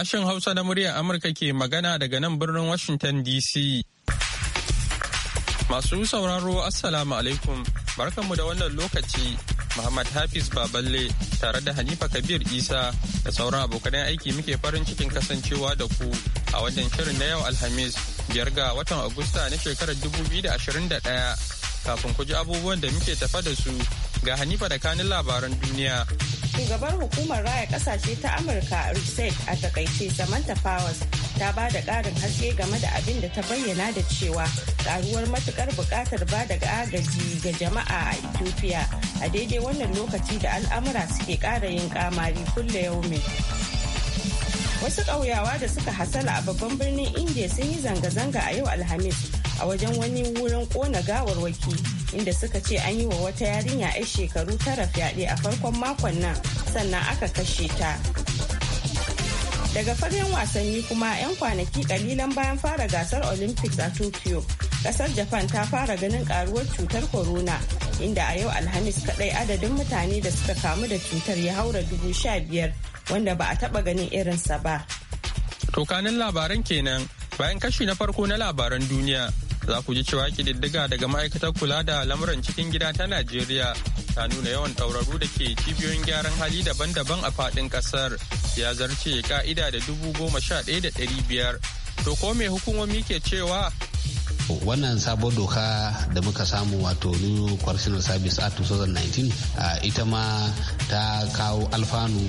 Sashen Hausa na muryar Amurka ke magana daga nan birnin Washington DC. Masu sauraro Assalamu alaikum barkanmu da wannan lokaci Muhammad Hafiz Baballe tare da Hanifa Kabir Isa da sauran abokan aiki muke farin cikin kasancewa da ku a wannan shirin na yau Alhamis biyar ga watan Agusta na shekarar 2021 kafin ku ji abubuwan da muke tafa da su ga Hanifa da kanin labaran duniya. shugabar hukumar raya kasashe ta amurka reset a takaice samantha powers ta ba da karin haske game da abin da ta bayyana da cewa karuwar matukar bukatar ba da agaji ga jama'a a ethiopia a daidai wannan lokaci da al'amura suke kara yin kamari kulle yaume. wasu ƙauyawa da suka hasala a babban birnin india sun yi zanga-zanga a yau alhamis a wajen wani wurin kona gawarwaki inda suka ce an yi wa wata yarinya 'yar shekaru tara fyaɗe a farkon makon nan sannan aka kashe ta daga farin wasanni kuma 'yan kwanaki kalilan bayan fara gasar olympics a tokyo kasar japan ta fara ganin karuwar cutar corona inda a yau alhamis kadai adadin mutane da suka kamu da cutar ya haura dubu sha biyar wanda ba a taba ganin irinsa ba tokanin labaran kenan bayan kashi na farko na labaran duniya za ku ji cewa diddiga daga ma'aikatar kula da lamuran cikin gida ta najeriya ta nuna yawan ɗauraru da ke cibiyoyin gyaran hali daban-daban a faɗin ƙasar ya zarce ka'ida da dubu goma sha ɗaya da ɗari biyar to ko me hukumomi ke cewa wannan sabon doka da muka samu wato new correctional service act 2019 ita ma ta kawo alfanu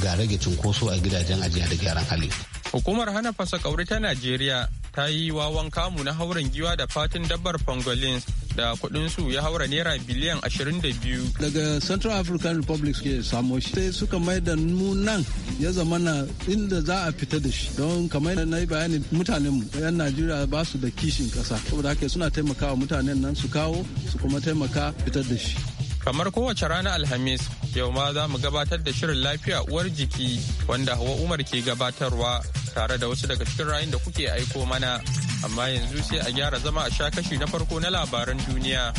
ga rage cunkoso a gidajen ajiya da gyaran hali hukumar hana fasa kauri ta najeriya ta yi wawan kamu na hauren giwa da fatin dabbar pangolins da kuɗin su ya haura naira biliyan 22 daga central african republic suke samo shi sai suka mai da mu nan ya zama na inda za a fita da shi don kamar na yi bayani mutanen mu yan najeriya ba su da kishin kasa saboda haka suna taimakawa mutanen nan su kawo su kuma taimaka fitar da shi kamar kowace rana alhamis yau ma za mu gabatar da shirin lafiya uwar jiki wanda hawa umar ke gabatarwa tare da wasu daga cikin rayun da kuke aiko mana amma yanzu sai a gyara zama a sha kashi na farko na labaran duniya.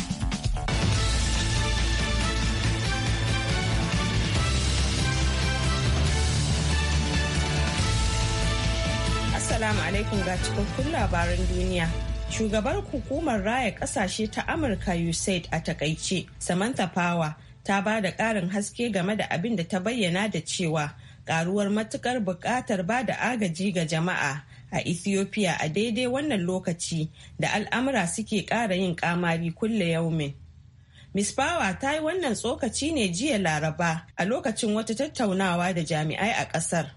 Assalamu alaikum ga cikakkun labaran duniya. Shugabar hukumar raya kasashe ta Amurka USAID a takaice, Samantha Power ta ba da ƙarin haske game da abin da ta bayyana da cewa karuwar matukar buƙatar ba da agaji ga jama'a a ethiopia a daidai wannan lokaci da al'amura suke ƙara yin kamari kulle yaumin power ta yi wannan tsokaci ne jiya laraba a lokacin wata tattaunawa da jami'ai a ƙasar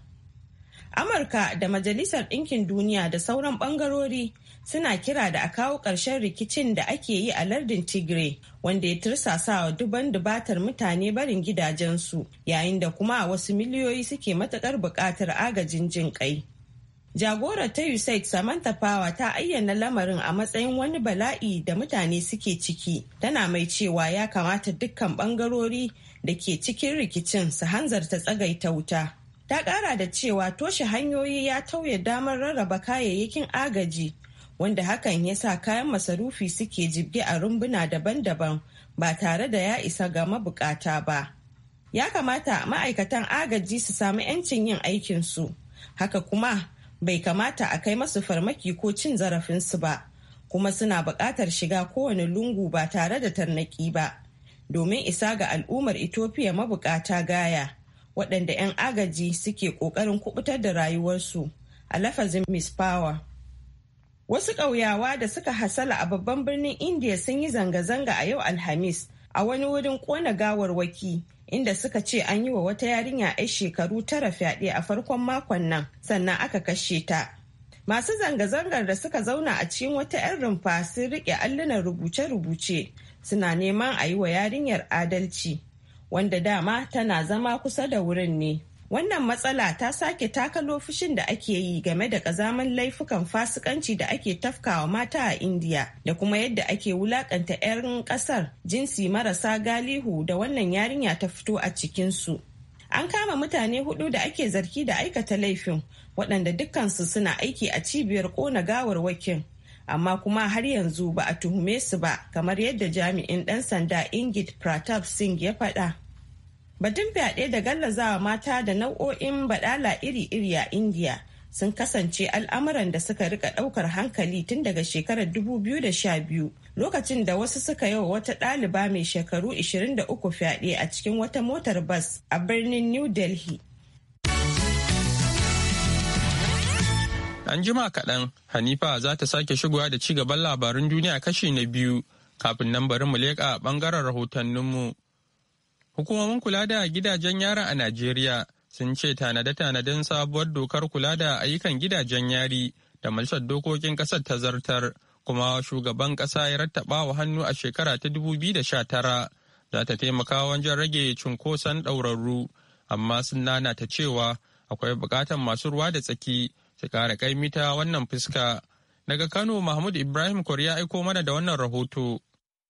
amurka da majalisar ɗinkin duniya da sauran ɓangarori suna kira da a kawo ƙarshen rikicin da ake yi a lardin tigray wanda ya tursasa wa duban dubatar mutane barin gidajensu yayin da kuma wasu miliyoyi suke matakar buƙatar agajin jin ƙai jagorar ta usaid samantha power ta ayyana lamarin a matsayin wani bala'i da mutane suke ciki tana mai cewa ya kamata dukkan bangarori da ke cikin rikicin su hanzarta tsagaita wuta ta ƙara da cewa toshe hanyoyi ya tauye damar rarraba kayayyakin agaji wanda hakan ya sa kayan masarufi suke jibge a rumbuna daban-daban ba tare da ya isa ga mabukata ba. Ya kamata ma'aikatan agaji su sami 'yancin yin aikinsu, haka kuma bai kamata a kai masu farmaki ko cin zarafinsu ba, kuma suna buƙatar shiga kowane lungu ba tare da tarnaƙi ba, domin isa ga al'ummar Ethiopia mabukata gaya, waɗanda 'yan agaji suke ƙoƙarin kubutar da rayuwarsu a lafazin Miss Power. Wasu ƙauyawa da suka hasala a babban birnin India sun yi zanga-zanga a yau Alhamis a wani wurin ƙona gawarwaki inda suka ce an yi wa wata yarinya 'yan shekaru tara fyaɗe a farkon makon nan sannan aka kashe ta. Masu zanga-zangar da suka zauna a cikin wata 'yan rumfa sun riƙe allunan rubuce-rubuce suna neman a yi wa yarinyar adalci wanda dama tana zama kusa da wurin ne. Wannan matsala ta sake takalo fushin da ake yi game da ƙazaman laifukan fasikanci da ake tafkawa mata a Indiya da kuma yadda ake wulaƙanta 'yan ƙasar jinsi marasa galihu da wannan yarinya ta fito a cikinsu. An kama mutane hudu da ake zarki da aikata laifin waɗanda dukkansu suna aiki a cibiyar ƙona gawarwakin. Amma kuma har yanzu ba a tuhume su ba kamar yadda jami'in ɗan sanda Ingid Pratap Singh ya faɗa. Batun fyaɗe da gallazawa mata da nau'o'in baɗala iri-iri a Indiya sun kasance al'amuran da suka rika ɗaukar hankali tun daga shekarar 2012 lokacin da wasu suka yi wa wata ɗaliba mai shekaru 23 fyaɗe a cikin wata motar bas a birnin New Delhi. An jima kaɗan, Hanifa za ta sake shigowa da ci gaban labarun duniya kashi na biyu kafin nan bari mu leƙa ɓangaren rahotanninmu. Hukumomin kula da gidajen yara a Najeriya sun ce tanade-tanaden sabuwar dokar kula da ayyukan gidajen yari da Majalisar Dokokin Ƙasar ta zartar kuma shugaban ƙasa ya rattaba wa hannu a shekara ta 2019 za ta taimaka wajen rage cunkoson ɗaurarru amma sun ta cewa akwai buƙatar masu ruwa da tsaki su ƙara kaimita wannan fuska. Daga Kano Mahmud Ibrahim Koriya aiko mana da wannan rahoto.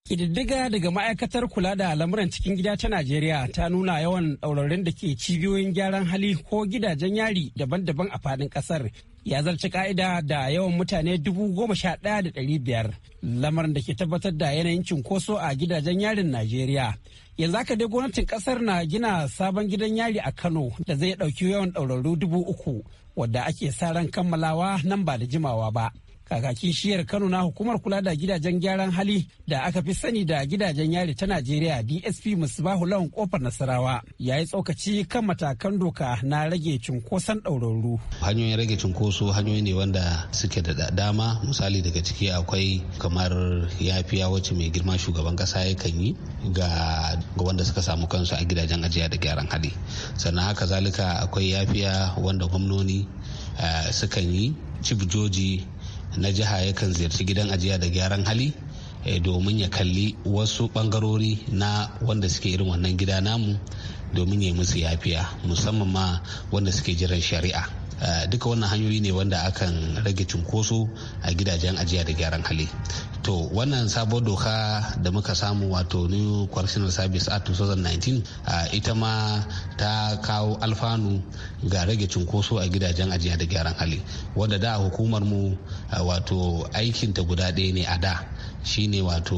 kididdiga daga ma'aikatar kula da lamuran cikin gida ta Najeriya ta nuna yawan ɗaurarin da ke cibiyoyin gyaran hali ko gidajen yari daban-daban a faɗin ƙasar ya zarci ka'ida da yawan mutane dubu goma sha ɗaya da ɗari biyar lamarin da ke tabbatar da yanayin cunkoso a gidajen yarin Najeriya. Yanzu haka dai gwamnatin ƙasar na gina sabon gidan yari a Kano da zai ɗauki yawan ɗauraru dubu uku wadda ake sa ran kammalawa nan ba da jimawa ba. kakakin shiyar kano na hukumar kula da gidajen gyaran hali da aka fi sani da gidajen yari ta najeriya dsp musbahu lawan kofar nasarawa ya yi tsokaci kan matakan doka na rage cunkoson ɗaurarru hanyoyin rage cunkoso hanyoyi ne wanda suke da dama misali daga ciki akwai kamar yafiya wacce mai girma shugaban kasa yakan yi ga wanda suka samu kansu a gidajen ajiya da gyaran hali sannan haka zalika akwai yafiya wanda gwamnoni eh, sukan yi cibjoji na jiha yakan ziyarci gidan ajiya da gyaran hali eh, domin ya kalli wasu bangarori na wanda suke irin wannan gida namu domin ya musu yafiya musamman ma wanda suke jiran shari'a Eh, duka wannan hanyoyi ne wanda akan rage cunkoso a gidajen ajiya da gyaran hali to wannan sabon doka da muka samu wato new correctional service act 2019 eh, ita ma ta kawo alfanu ga rage cunkoso a gidajen ajiya da gyaran hali wanda da hukumar mu eh, wato aikinta guda ɗaya ne a da shine wato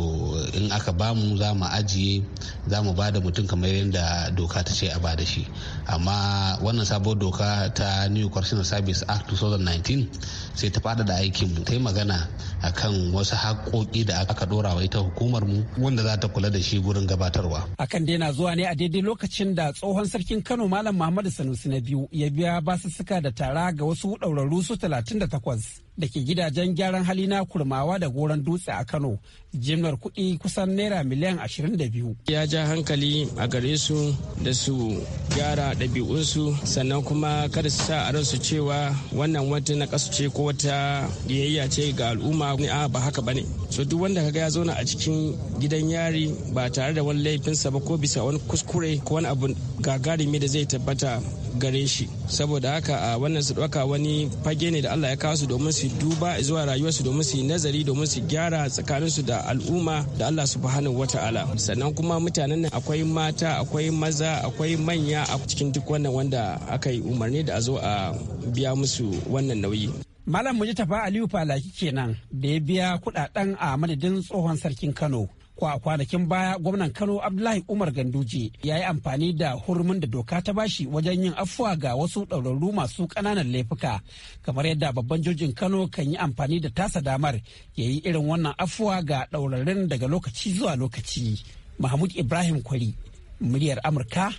in aka bamu za mu ajiye za mu da mutum kamar yadda doka ta ce a bada shi amma wannan sabuwar doka ta new correctional service act 2019 sai ta fada da aikin mu ta yi magana akan wasu haƙoƙi da aka dora wa ita hukumar mu wanda za ta kula da shi gurin gabatarwa akan dai na zuwa ne a daidai lokacin da tsohon sarkin kano malam muhammadu sanusi na biyu ya biya basussuka da tara ga wasu ɗaurarru su 38 da ke gidajen gyaran hali na kurmawa da goron dutse a Kano jimlar kuɗi kusan naira miliyan 22 ya ja hankali a gare su da su gyara ɗabi'unsu sannan kuma kada su sa a ransu cewa wannan wata na ƙasa ce ko wata biyayya ce ga al'umma a ba haka bane so duk wanda kaga ya zauna a cikin gidan yari ba tare da wani laifinsa ba ko bisa wani kuskure ko wani abu gagarumi da zai tabbata gare shi saboda haka a wannan su ɗauka wani fage ne da Allah ya kawo su domin su duba zuwa rayuwarsu domin su yi nazari domin su gyara tsakaninsu da al'umma da Allah subhanahu wata'ala sannan kuma mutanen nan akwai mata akwai maza akwai manya a cikin duk wannan wanda aka yi umarni da a zo a biya musu wannan nauyi Malam Mujitafa Aliyu Falaki kenan da ya biya kudaden a madadin tsohon sarkin Kano. kwa kwanakin baya gwamnan kano abdullahi umar ganduje ya yi amfani da hurumin da doka ta bashi wajen yin afuwa ga wasu ɗaurarru masu ƙananan laifuka kamar yadda babban jojin kano kan yi amfani da tasa damar ya yi irin wannan afuwa ga ɗaurarrun daga lokaci zuwa lokaci mahmud ibrahim kwari muryar amurka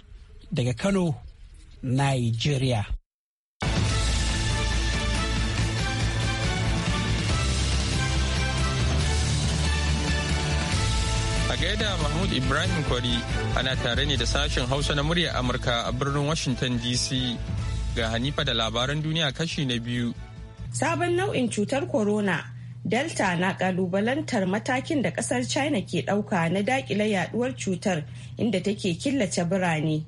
daga kano nigeria gaida Mahmud Ibrahim Kwari ana tare ne da sashen Hausa na muryar Amurka a birnin Washington DC ga Hanifa da labaran duniya kashi na biyu. Sabon nau'in cutar corona Delta na kalubalantar matakin da kasar China ke ɗauka na dakile yaduwar cutar inda take killace birane.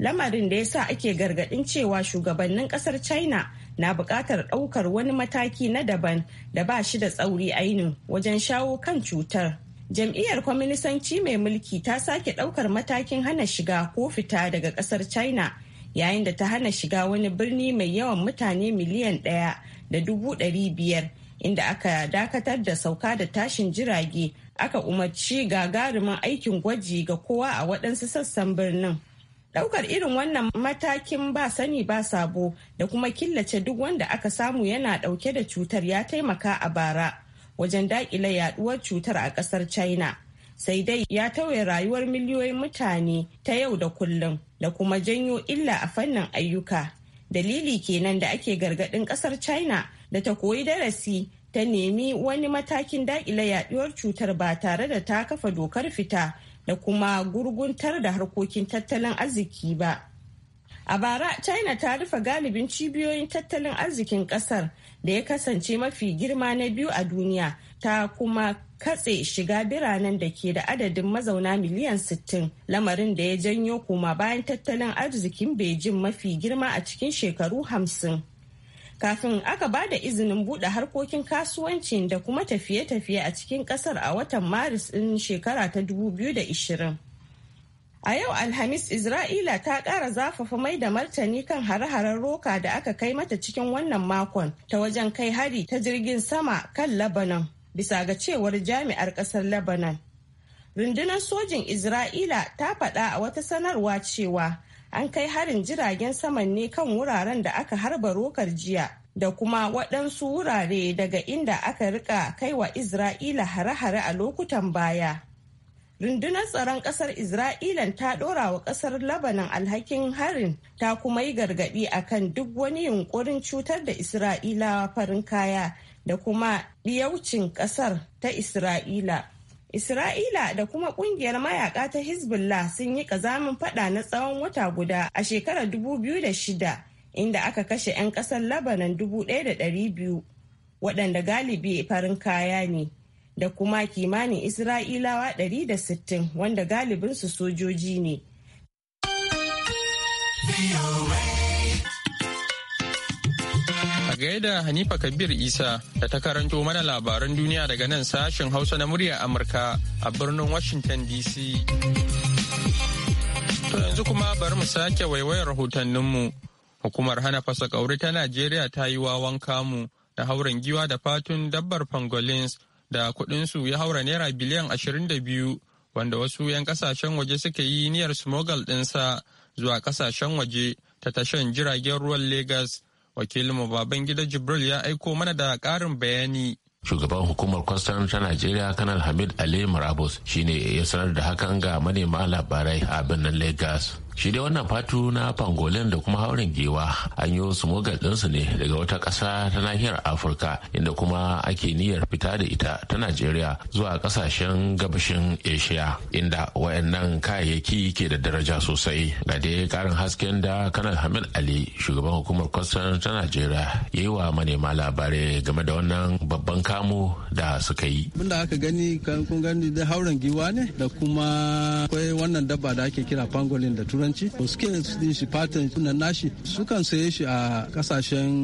Lamarin da ya sa ake gargaɗin cewa shugabannin kasar China na buƙatar ɗaukar wani mataki na daban da ba shi da tsauri ainihin wajen shawo kan cutar. Jam'iyyar Kwaminisanci mai mulki ta sake ɗaukar matakin hana shiga ko fita daga ƙasar China yayin da ta hana shiga wani birni mai yawan mutane miliyan ɗaya da dubu ɗari biyar inda aka dakatar da sauka da tashin jirage aka umarci gagarumin aikin gwaji ga kowa a waɗansu sassan birnin. Ɗaukar irin wannan matakin ba sani ba sabo da kuma killace duk wanda aka samu yana ɗauke da cutar ya taimaka a bara. wajen daƙile yaduwar cutar a ƙasar China. Sai dai ya tauye rayuwar miliyoyin mutane ta yau da kullum da kuma janyo illa a fannin ayyuka. Dalili kenan da ake gargadin ƙasar China da ta koyi darasi ta nemi wani matakin daƙile yaduwar cutar ba tare da ta kafa dokar fita da kuma gurguntar da harkokin tattalin arziki ba. A bara, China ta rufe galibin cibiyoyin tattalin arzikin kasar da ya kasance mafi girma na biyu a duniya ta kuma katse shiga biranen da ke da adadin mazauna miliyan 60 lamarin da ya janyo kuma bayan tattalin arzikin Beijing mafi girma a cikin shekaru 50. Kafin aka ba da izinin buɗe harkokin kasuwancin da kuma tafiye-tafiye a cikin ƙasar a watan Maris ɗin shekara ta 2020. A yau Alhamis Isra'ila ta kara zafafa mai da martani kan hare-haren roka da aka kai mata cikin wannan makon ta wajen kai hari ta jirgin sama kan Lebanon bisa ga cewar jami'ar ƙasar Lebanon. Rundunar sojin Isra'ila ta faɗa a wata sanarwa cewa an kai harin jiragen saman ne kan wuraren da aka harba rokar jiya da kuma waɗansu wurare daga inda aka rika wa Isra'ila hare-hare a lokutan baya. rundunar tsaron kasar isra'ila ta dora wa kasar labanan alhakin harin ta kuma yi gargadi akan duk wani yunkurin cutar da isra'ilawa farin kaya da kuma ɗiyaucin kasar ta isra'ila isra'ila da kuma kungiyar mayaka ta hezbollah sun yi kazamin fada na tsawon wata guda a shekarar 2006 inda aka kashe 'yan kasar labanan 1,200 waɗanda galibi farin kaya ne da kuma kimanin Isra'ilawa 160 wanda galibinsu sojoji ne. A da Hanifa Kabir Isa da ta karanto mana labaran duniya daga nan sashen Hausa na murya Amurka a birnin Washington DC. To yanzu kuma bari mu sake waiwayar rahotanninmu. Hukumar hana fasa kauri ta Najeriya ta yi wawan kamu da hauren giwa da fatun dabbar pangolins da kuɗinsu ya haura naira biliyan 22 wanda wasu 'yan kasashen waje suka yi niyyar smogal ɗinsa zuwa kasashen waje ta tashan jiragen ruwan Legas. Wakilinmu Babangida Jibril ya aiko mana da ƙarin bayani. shugaban hukumar kwastam ta najeriya kanal hamid ali marabus shine ya sanar da hakan ga manema labarai a birnin Legas. shi dai wannan fatu na pangolin da kuma haurin giwa an yi wasu mogal ɗinsu ne daga wata ƙasa ta nahiyar afirka inda kuma ake niyyar fita da ita ta najeriya zuwa ƙasashen gabashin asia inda wayannan kayayyaki ke da daraja sosai ga dai karin hasken da kanar hamid ali shugaban hukumar kwastar ta najeriya ya yi wa manema labarai game da wannan babban kamu da suka yi da aka gani kan kun gani da hauren giwa ne da kuma akwai wannan dabba da ake kira pangolin da turanci skin din shi fatan nan nashi sukan saye shi a kasashen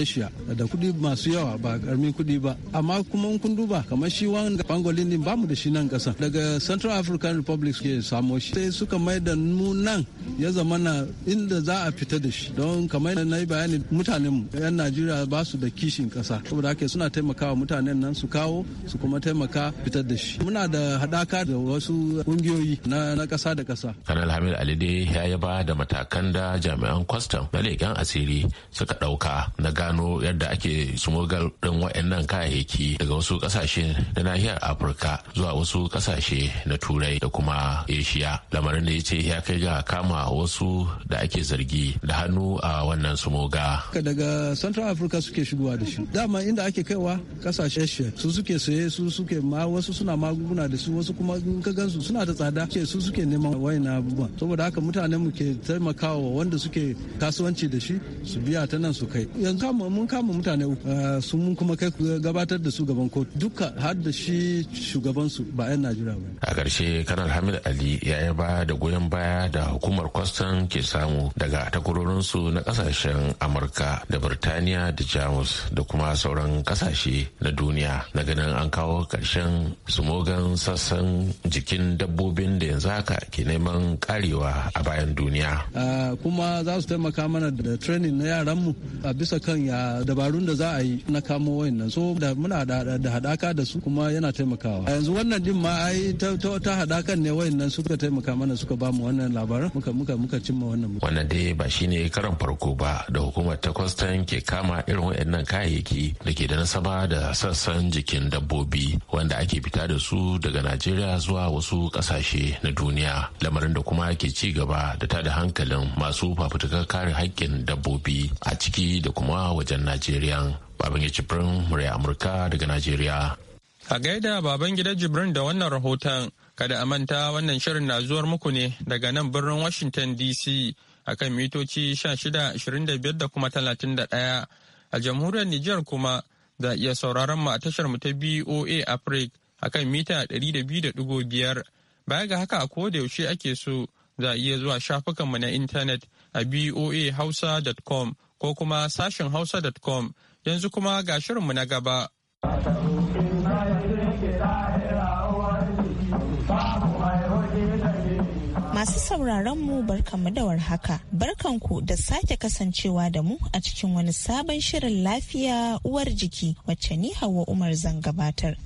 asia da kuɗi masu yawa ba karamin kuɗi ba amma kuma kun duba kamar shi wanga pangolin din bamu da shi nan kasa daga central african republic ke samo shi sai suka mai da mu nan ya zama na inda za a fita da shi don kamar na yi bayani mutanen mu yan najeriya ba su da kishin kasa saboda haka suna taimakawa mutanen nan su kawo su kuma taimaka fitar da shi muna da haɗaka da wasu kungiyoyi na kasa da kasa. kanal hamid ali dai ya yi ba da matakan da jami'an kwastam na leƙen asiri suka ɗauka na gano yadda ake sumogar ɗin waɗannan kayayyaki daga wasu ƙasashe na nahiyar afirka zuwa wasu ƙasashe na turai da kuma asia lamarin da ya ce ya kai ga kama wasu da ake zargi da hannu a wannan sumoga. daga central africa suke shigowa da shi dama inda ake kaiwa ƙasashe su suke saye su suke ma wasu suna magunguna da su wasu kuma in ka gansu suna da tsada ce su suke neman wayan abubuwa saboda haka mutanen mu ke taimakawa wanda suke kasuwanci da shi su biya ta nan su kai yanzu mun kama mutane uku eh, mun kuma kai gabatar da su gaban kotu duka har da shi shugaban su ba yan najeriya ba a karshe kanal hamid ali ya yi ba da goyon baya da hukumar kwastan ke samu daga takwarorinsu na ƙasashen amurka da birtaniya da jamus da kuma sauran ƙasashe na duniya na ganin an kawo ƙarshen sumogan sassan jikin dabbobin da yanzu haka ke neman karewa a bayan duniya. Ah, kuma za su taimaka mana da training na mu. a bisa kan ya dabarun da za a yi na kamo wayannan so da muna da hadaka da su kuma yana taimakawa yanzu wannan din ma ai ta hadakan ne wayannan suka taimaka mana suka ba mu wannan labarin muka muka muka cimma wannan wannan dai ba shine karan farko ba da hukumar ta kwastan ke kama irin wayannan kayayyaki da ke da nasaba da sassan jikin dabbobi wanda ake fita da su daga Najeriya zuwa wasu kasashe na duniya lamarin da kuma ke ci gaba da tada hankalin masu fafutukar kare haƙƙin dabbobi a ciki da kuma wajen najeriya baban ya jibrin murya amurka daga najeriya a gaida baban gida jibrin da wannan rahoton kada a manta wannan shirin na zuwar muku ne daga nan birnin washington dc akan mitoci 1625 da kuma 31 a jamhuriyar Nijar kuma za iya sauraron mu a tashar mu ta BOA Africa akan mita 200.5 baya ga haka a koda yaushe ake so za a iya zuwa shafukanmu na intanet a boahausa.com ko kuma sashen hausa.com yanzu kuma ga shirinmu na gaba. Masu sauraron mu barkanmu da warhaka. Barkanku da sake kasancewa da mu a cikin wani sabon shirin lafiya uwar jiki wacce ni Hauwa Umar zan gabatar.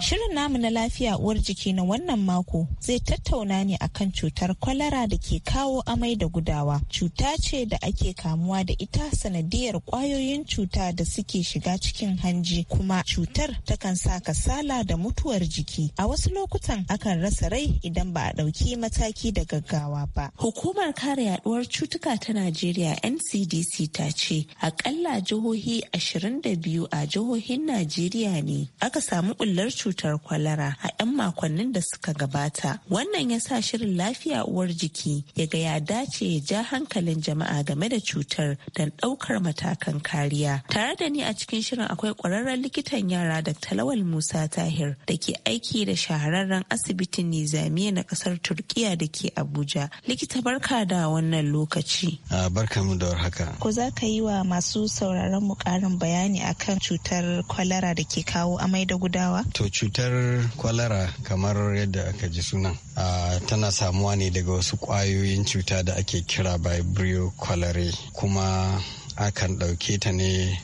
Shirin namu na lafiya uwar jiki na wannan mako zai tattauna ne akan cutar kwalara da ke kawo amai da gudawa. Cuta ce da ake kamuwa da ita sanadiyar kwayoyin cuta da suke shiga cikin hanji kuma cutar takan sa kasala da mutuwar jiki. A wasu lokutan akan rasa rai idan ba a ɗauki mataki da gaggawa ba. Hukumar kare yaduwar cutuka ta Najeriya NCDC ta ce Aƙalla jihohi 22 a jihohin Najeriya ne aka samu ɓullar cuta. cutar kwalara a 'yan makonnin da suka gabata. Wannan ya sa shirin lafiya uwar jiki ya ga ya dace ya ja hankalin jama'a game da cutar don ɗaukar matakan kariya. Tare da ni a cikin shirin akwai ƙwararren likitan yara da Talawal Musa Tahir da ke aiki da shahararren asibitin Nizamiya na ƙasar Turkiya da ke Abuja. Likita barka da wannan lokaci. Barka Ko za ka yi wa masu sauraron mu ƙarin bayani akan cutar kwalara da ke kawo amai da gudawa? cutar kwalara kamar yadda aka ji sunan tana samuwa ne daga wasu ƙwayoyin cuta da ake kira vibrio cholerae kuma akan ɗauke ta ne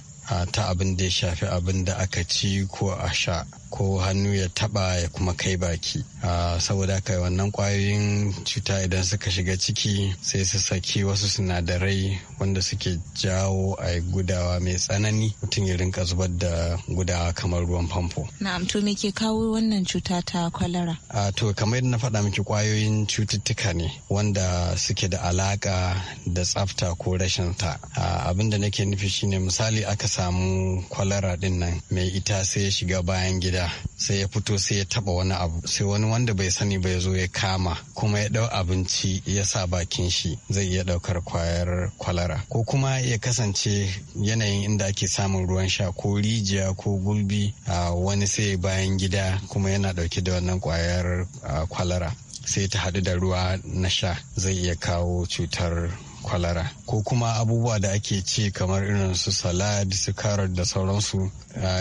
ta abin da ya shafi abin da aka ci ko a sha ko hannu ya taba ya kuma kai baki a saboda kai wannan kwayoyin cuta idan suka shiga ciki sai su saki wasu sinadarai wanda suke jawo a gudawa mai tsanani mutum ya rinka zubar da gudawa kamar ruwan famfo na'am to me ke kawo wannan cuta ta kwalara a to kamar yadda na faɗa miki kwayoyin cututtuka ne wanda suke da alaka da tsafta ko rashin ta abin da nake nufi shine misali aka samu kwalara din nan mai ita sai ya shiga bayan gida gida sai ya fito sai ya taba wani abu sai wani wanda bai sani ba ya zo ya kama kuma ya dau abinci ya sa bakin shi zai iya daukar kwayar kwalara ko kuma ya kasance yanayin inda ake samun ruwan sha ko rijiya ko gulbi a wani sai bayan gida kuma yana dauke da wannan kwayar kwalara sai ta hadu da ruwa na sha zai iya kawo cutar kwalara ko kuma abubuwa da ake ci kamar irin su salad su carrot da sauransu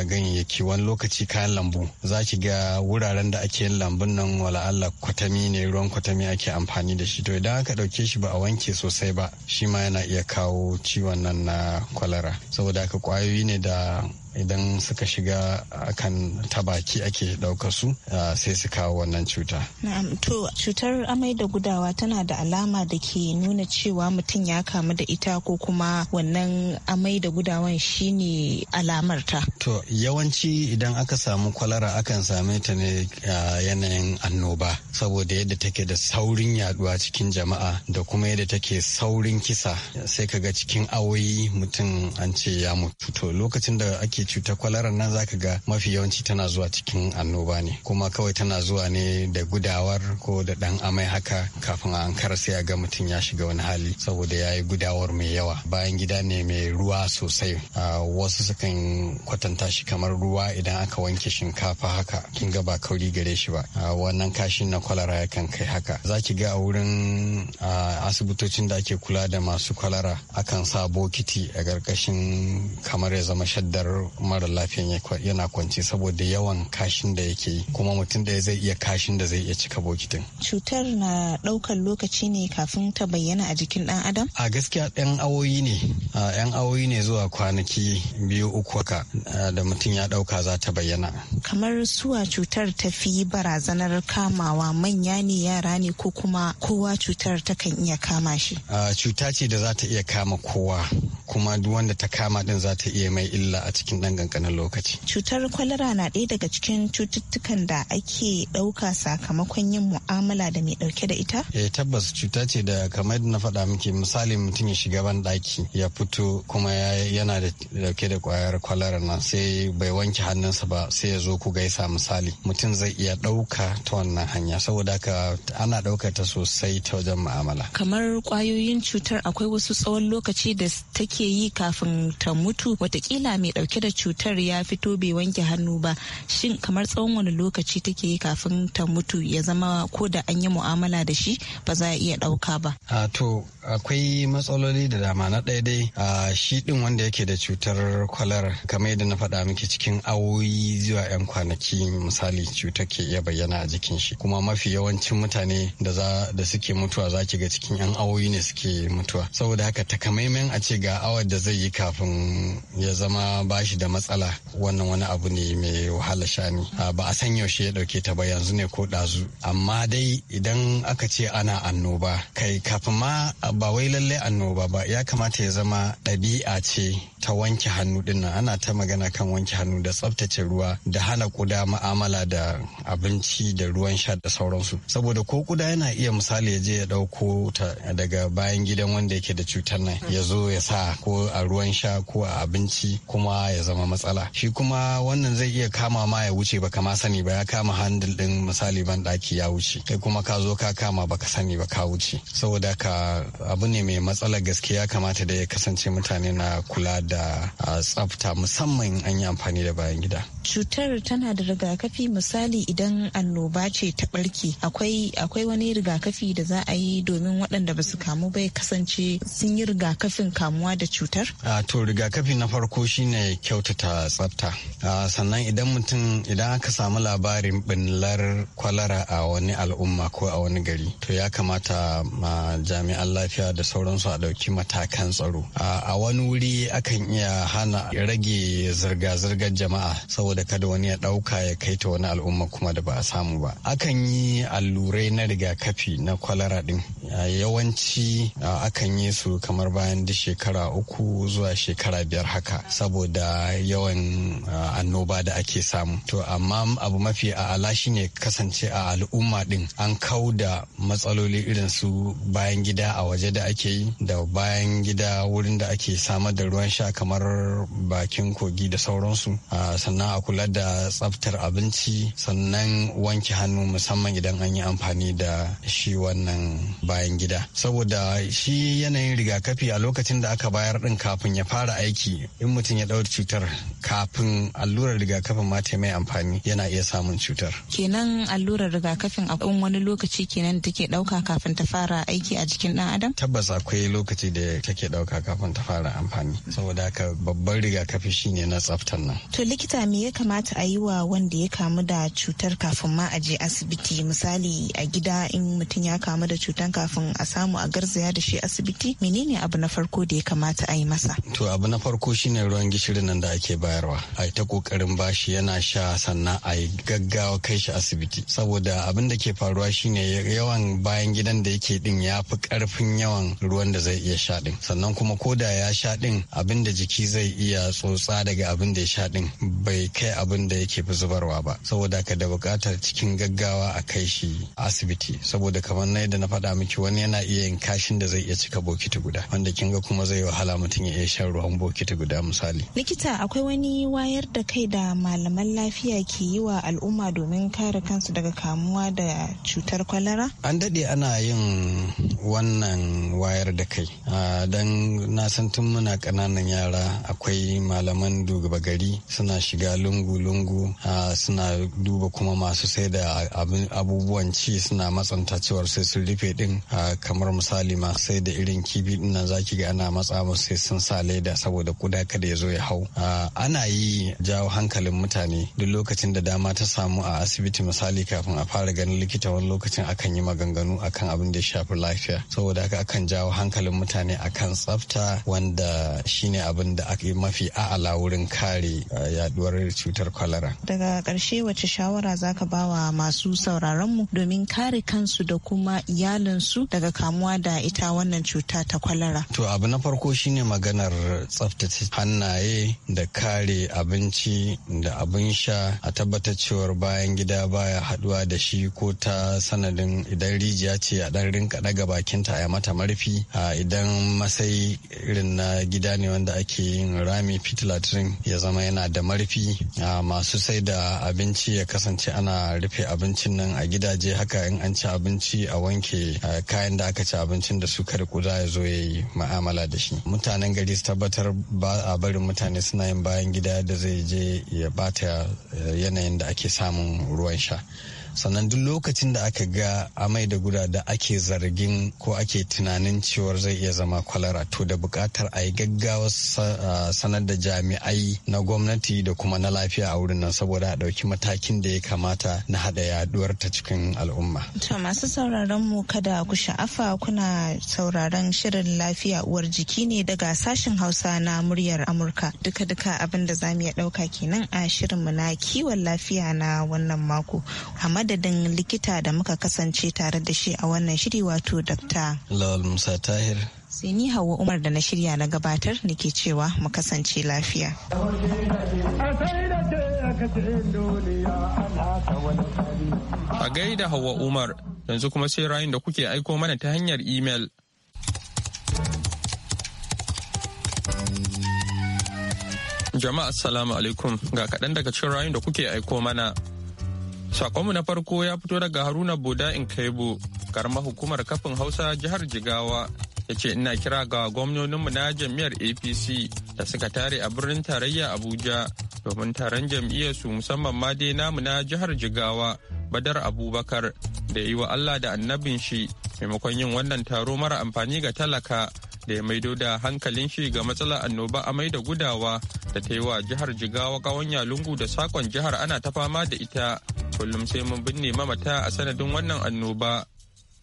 ganyayyaki wani lokaci kayan lambu za ki ga wuraren da ake yin lambun nan wala Allah kwatami ne ruwan kwatami ake amfani da shi to idan aka ɗauke shi ba a wanke sosai ba shi ma yana iya kawo ciwon nan na kwalara saboda haka kwayoyi ne da idan suka shiga akan tabaki ake ɗaukar su sai su kawo wannan cuta. Na'am to cutar amai da gudawa tana da alama da ke nuna cewa mutum ya kamu da ita ko kuma wannan amai da gudawan shine alamarta. To yawanci idan aka samu kwalara akan same ta ne yanayin annoba saboda yadda take da saurin yaduwa cikin jama'a da kuma yadda take saurin kisa sai kaga cikin awoyi mutum an ce ya mutu. To lokacin da ake cutar kwalara nan zaka ga mafi yawanci tana zuwa cikin annoba ne kuma kawai tana zuwa ne da gudawar ko da ɗan amai haka kafin a ankara sai a ga mutum ya shiga wani hali saboda ya yi gudawar mai yawa bayan gida ne mai ruwa sosai wasu sukan kwatanta shi kamar ruwa idan aka wanke shinkafa haka kin ga ba kauri gare shi ba wannan kashin na kwalara yakan kai haka za ki ga a wurin asibitocin da ake kula da masu kwalara akan sa bokiti a ƙarƙashin kamar ya zama shaddar mara lafiyan yana kwanci saboda yawan kashin da yake yi kuma mutum da zai iya kashin da zai iya cika bokitin. Cutar na ɗaukar lokaci ne kafin ta bayyana a jikin ɗan adam? A gaskiya ɗan awoyi ne, yan awoyi ne zuwa kwanaki biyu uku ka da mutum ya ɗauka za ta bayyana. Kamar suwa cutar ta fi barazanar kamawa manya ne yara ne ko kuma kowa cutar ta kan iya kama shi? Cuta ce da za ta iya kama kowa. kuma duk wanda ta kama din za ta iya mai illa a cikin ɗan ƙanƙanin lokaci. Cutar kwalara na ɗaya daga cikin cututtukan da ake ɗauka sakamakon yin mu'amala da mai ɗauke da ita? Eh tabbas cuta ce da kamar na faɗa miki misali mutum ya shiga ban ɗaki ya fito kuma yana da ɗauke da ƙwayar kwalara na sai bai wanke hannunsa ba sai ya zo ku gaisa misali mutum zai iya ɗauka ta wannan hanya saboda haka ana ɗauka ta sosai ta wajen mu'amala. Kamar kwayoyin cutar akwai wasu tsawon lokaci da take ake yi kafin ta mutu watakila mai dauke da cutar ya fito bai wanke hannu ba shin kamar tsawon wani lokaci take yi kafin ta mutu ya zama ko da an yi mu'amala da shi ba za a iya dauka ba to akwai matsaloli da dama na ɗaya dai a shi din wanda yake da cutar kwalar, kamar yadda na faɗa miki cikin awoyi zuwa 'yan kwanaki misali cutar ke iya bayyana a jikin shi kuma mafi yawancin mutane da za da suke mutuwa za ki ga cikin 'yan awoyi ne suke mutuwa saboda haka takamaiman a ce ga sha'awar da zai yi kafin ya zama bashi da matsala wannan wani abu ne mai wahala shani ba a san yaushe ya dauke ta ba yanzu ne ko dazu amma dai idan aka ce ana annoba kai kafin ma ba wai lallai annoba ba ya kamata ya zama ɗabi'a ce ta wanke hannu dinnan ana ta magana kan wanke hannu da tsaftace ruwa da hana kuda ma'amala da abinci da ruwan sha da sauransu saboda ko kuda yana iya misali ya je ya ɗauko ta daga bayan gidan wanda yake da cutar nan ya zo ya sa ko a ruwan sha ko a abinci kuma ya zama matsala shi kuma wannan zai iya kama ma ya wuce ba kama sani ba ya kama handil din misali ban daki ya wuce kai kuma ka zo ka kama baka sani ba ka wuce saboda ka abu ne mai matsalar ya kamata da ya kasance mutane na kula da tsafta musamman an yi amfani da bayan gida cutar tana da rigakafi misali idan annoba ce ta barke akwai akwai wani rigakafi da za a yi domin waɗanda ba su kamu ba ya kasance sun yi rigakafin kamuwa da da cutar? A to rigakafi na farko shine kyautata tsafta. sannan idan mutum idan aka samu labarin binlar kwalara a wani al'umma ko a wani gari to ya kamata ma jami'an lafiya da sauransu a ɗauki matakan tsaro. A wani wuri akan iya hana rage zirga-zirgar jama'a saboda kada wani ya ɗauka ya kai ta wani al'umma kuma da ba a samu ba. Akan yi allurai na rigakafi na kwalara ɗin yawanci akan yi su kamar bayan duk shekara uku zuwa shekara biyar haka saboda yawan annoba da ake samu to amma abu mafi a'ala shine kasance a al'umma din an kau da matsaloli irin su bayan gida a waje da ake yi da bayan gida wurin da ake samar da ruwan sha kamar bakin kogi da sauransu sannan a kula da tsaftar abinci sannan wanke hannu musamman idan an yi amfani da shi wannan ba bayan gida saboda shi yanayin rigakafi a lokacin da aka bayar din kafin ya fara aiki in mutum ya ɗaura cutar kafin allurar rigakafin ma ta mai amfani yana iya samun cutar kenan allurar rigakafin a wani lokaci kenan take ɗauka kafin ta fara aiki a jikin ɗan adam tabbas akwai lokaci da take ɗauka kafin ta fara amfani saboda haka babban rigakafi shine na tsaftan nan to likita me ya kamata a yi wa wanda ya kamu da cutar kafin ma a je asibiti misali a gida in mutum ya kamu da cutar kafin a samu a garzaya da shi asibiti menene abu na farko da ya kamata a yi masa to abu na farko shine ruwan gishirin nan da ake bayarwa a ta kokarin bashi yana sha sannan a yi gaggawa kai shi asibiti saboda abin da ke faruwa shine yawan bayan gidan da yake din ya fi karfin yawan ruwan da zai iya sha din sannan kuma ko da ya sha din abin da jiki zai iya tsotsa daga abin da ya sha din bai kai abin da yake fi zubarwa ba saboda ka da bukatar cikin gaggawa a kai shi asibiti saboda kamar na yadda na faɗa miki ce wani yana iya yin kashin da zai iya cika bokiti guda wanda kin ga kuma zai wahala mutum ya iya shan ruwan bokiti guda misali likita akwai wani wayar da kai da malaman lafiya ke yi wa al'umma domin kare kansu daga kamuwa da cutar kwalara an daɗe ana yin wannan wayar da kai don na san tun muna ƙananan yara akwai malaman dugaba gari suna shiga lungu-lungu suna duba kuma masu sai da abubuwan ci suna matsanta cewar sai sun rufe din a kamar misali ma sai da irin kibi din nan zaki ga ana matsa musu sai sun sa leda saboda kuda kada ya zo ya hau ana yi jawo hankalin mutane duk lokacin da dama ta samu a asibiti misali kafin a fara ganin likita wani lokacin akan yi maganganu akan abin da ya shafi lafiya saboda haka akan jawo hankalin mutane akan tsafta wanda shine abin da ake mafi a'ala wurin kare yaduwar cutar kwalara daga karshe wace shawara zaka bawa masu sauraron mu domin kare kansu da kuma iyalinsu su daga kamuwa da ita wannan cuta ta kwalara. To abu na farko shine maganar tsaftace hannaye da kare abinci da abin sha a tabbatar cewar bayan gida baya haduwa da shi ko ta sanadin idan rijiya ce a dan rinka daga bakinta a mata marfi a idan masai irin na gida ne wanda ake yin rami fitilatrin ya zama yana da marfi a masu sai da abinci ya kasance ana rufe abincin nan a gidaje haka in an ci abinci a wanke kayan da aka ci abincin da su riko za ya zo ya yi ma'amala da shi mutanen gari su tabbatar ba a barin mutane suna yin bayan gida da zai je ya bata eh, yanayin da ake samun ruwan sha sannan duk lokacin da aka ga amai da guda da ake zargin ko ake tunanin cewar zai iya zama kwalara to da bukatar a yi gaggawa sanar da jami'ai na gwamnati da kuma na lafiya a wurin nan saboda a ɗauki matakin da ya kamata na haɗa yaduwar ta cikin al'umma. To masu sauraron mu kada ku sha'afa kuna sauraron shirin lafiya uwar jiki ne daga sashen Hausa na muryar Amurka. Duka-duka abin da za mu iya ɗauka kenan a shirin mu na kiwon lafiya na wannan mako. Hamad madadin likita da muka kasance tare da shi a wannan shiri wato dakta. Lawal Musa Tahir. Sai ni hawa Umar da na shirya na gabatar nake cewa mu kasance lafiya. A gaida Hauwa Umar yanzu kuma sai rayun da kuke aiko mana ta hanyar imel. Jama'a assalamu alaikum ga kaɗan daga cin rayun da kuke aiko mana. Sakonmu na farko ya fito daga Haruna Boda kaibo karamar hukumar kafin Hausa jihar Jigawa, ya ce ina kira ga gwamnoninmu na jam'iyyar APC da suka tare a birnin tarayya Abuja domin taron jam'iyyar su musamman ma dai namu na jihar Jigawa, Badar Abubakar, da yi wa Allah da annabin shi maimakon yin wannan taro mara amfani ga talaka da ya maido da hankalin shi ga matsalar annoba amai da gudawa da ta yi wa jihar jigawa kawon lungu da sakon jihar ana ta fama da ita kullum sai mun binne mamata a sanadin wannan annoba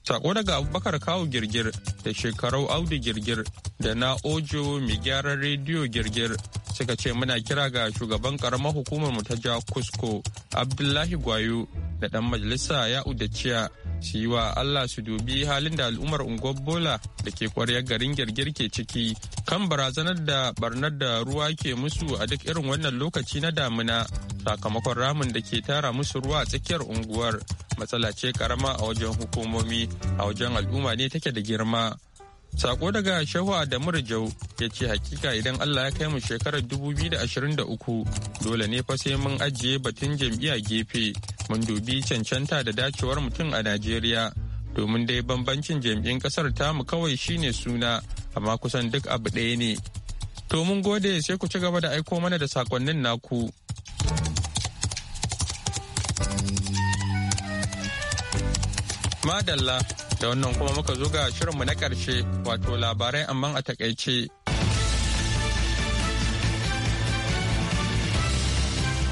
sako daga abubakar kawo girgir da shekarau audu girgir da na ojo mai gyaran rediyo girgir suka ce muna kira ga shugaban karamar hukumar mu ta ja kusko abdullahi gwayo da dan majalisa ya udaciya su yi wa Allah su dubi halin da al'ummar unguwar Bola da ke kwaryar garin girgir ke ciki kan barazanar da barnar da ruwa ke musu a duk irin wannan lokaci na damina sakamakon ramin da ke tara musu ruwa a tsakiyar unguwar matsala ce karama a wajen hukumomi a wajen al'umma ne take da girma. Sako daga Shehu Adamu Rijau ya ce hakika idan Allah ya kai mu shekarar 2023 dole ne fa sai mun ajiye batun jam'iyya gefe mun dubi cancanta da dacewar mutum a Najeriya domin dai bambancin jam'in kasar ta mu kawai shine suna amma kusan duk abu ɗaya ne. To mun gode sai ku ci gaba da aiko mana da sakonnin naku. Madalla da wannan kuma muka zo ga shirinmu na ƙarshe wato labarai amma a takaice.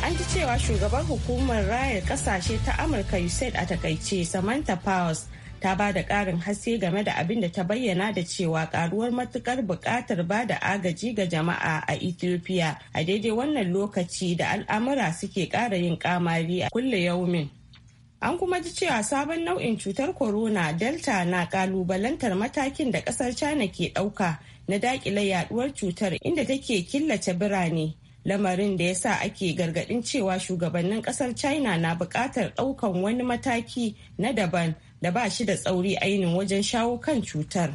An ji cewa shugaban hukumar rayar kasashe ta Amurka USAID a takaice Samantha Powers ta ba da ƙarin haske game da abin da ta bayyana da cewa ƙaruwar matukar buƙatar ba da agaji ga jama'a a Ethiopia a daidai wannan lokaci da al'amura suke ƙara yin kamari a kulle yaumin. An kuma ji cewa sabon nau'in cutar corona Delta na kalubalantar matakin da kasar China ke dauka na dakile yaduwar cutar inda take killace birane. Lamarin da ya sa ake gargadin cewa shugabannin kasar China na buƙatar daukan wani mataki na daban da ba shi da tsauri ainihin wajen shawo kan cutar.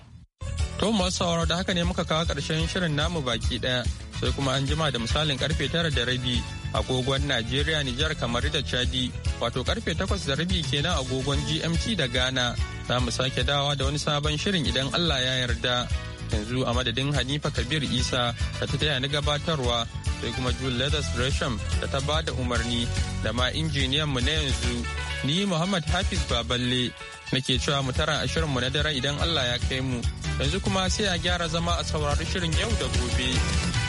To masu sauraro da haka ne muka kawo karshen shirin namu baki daya sai kuma an jima da misalin karfe tara da rabi agogon Najeriya Nijar kamar da Chadi wato karfe 8 da rabi kenan agogon GMT da Ghana za mu sake dawa da wani sabon shirin idan Allah ya yarda yanzu a madadin Hanifa Kabir Isa da ta taya ni gabatarwa sai kuma Jule Leathers Resham da ta bada umarni da ma injiniyan mu na yanzu ni Muhammad Hafiz Baballe nake cewa mu tara a shirin mu na dare idan Allah ya kai mu yanzu kuma sai a gyara zama a saurari shirin yau da gobe.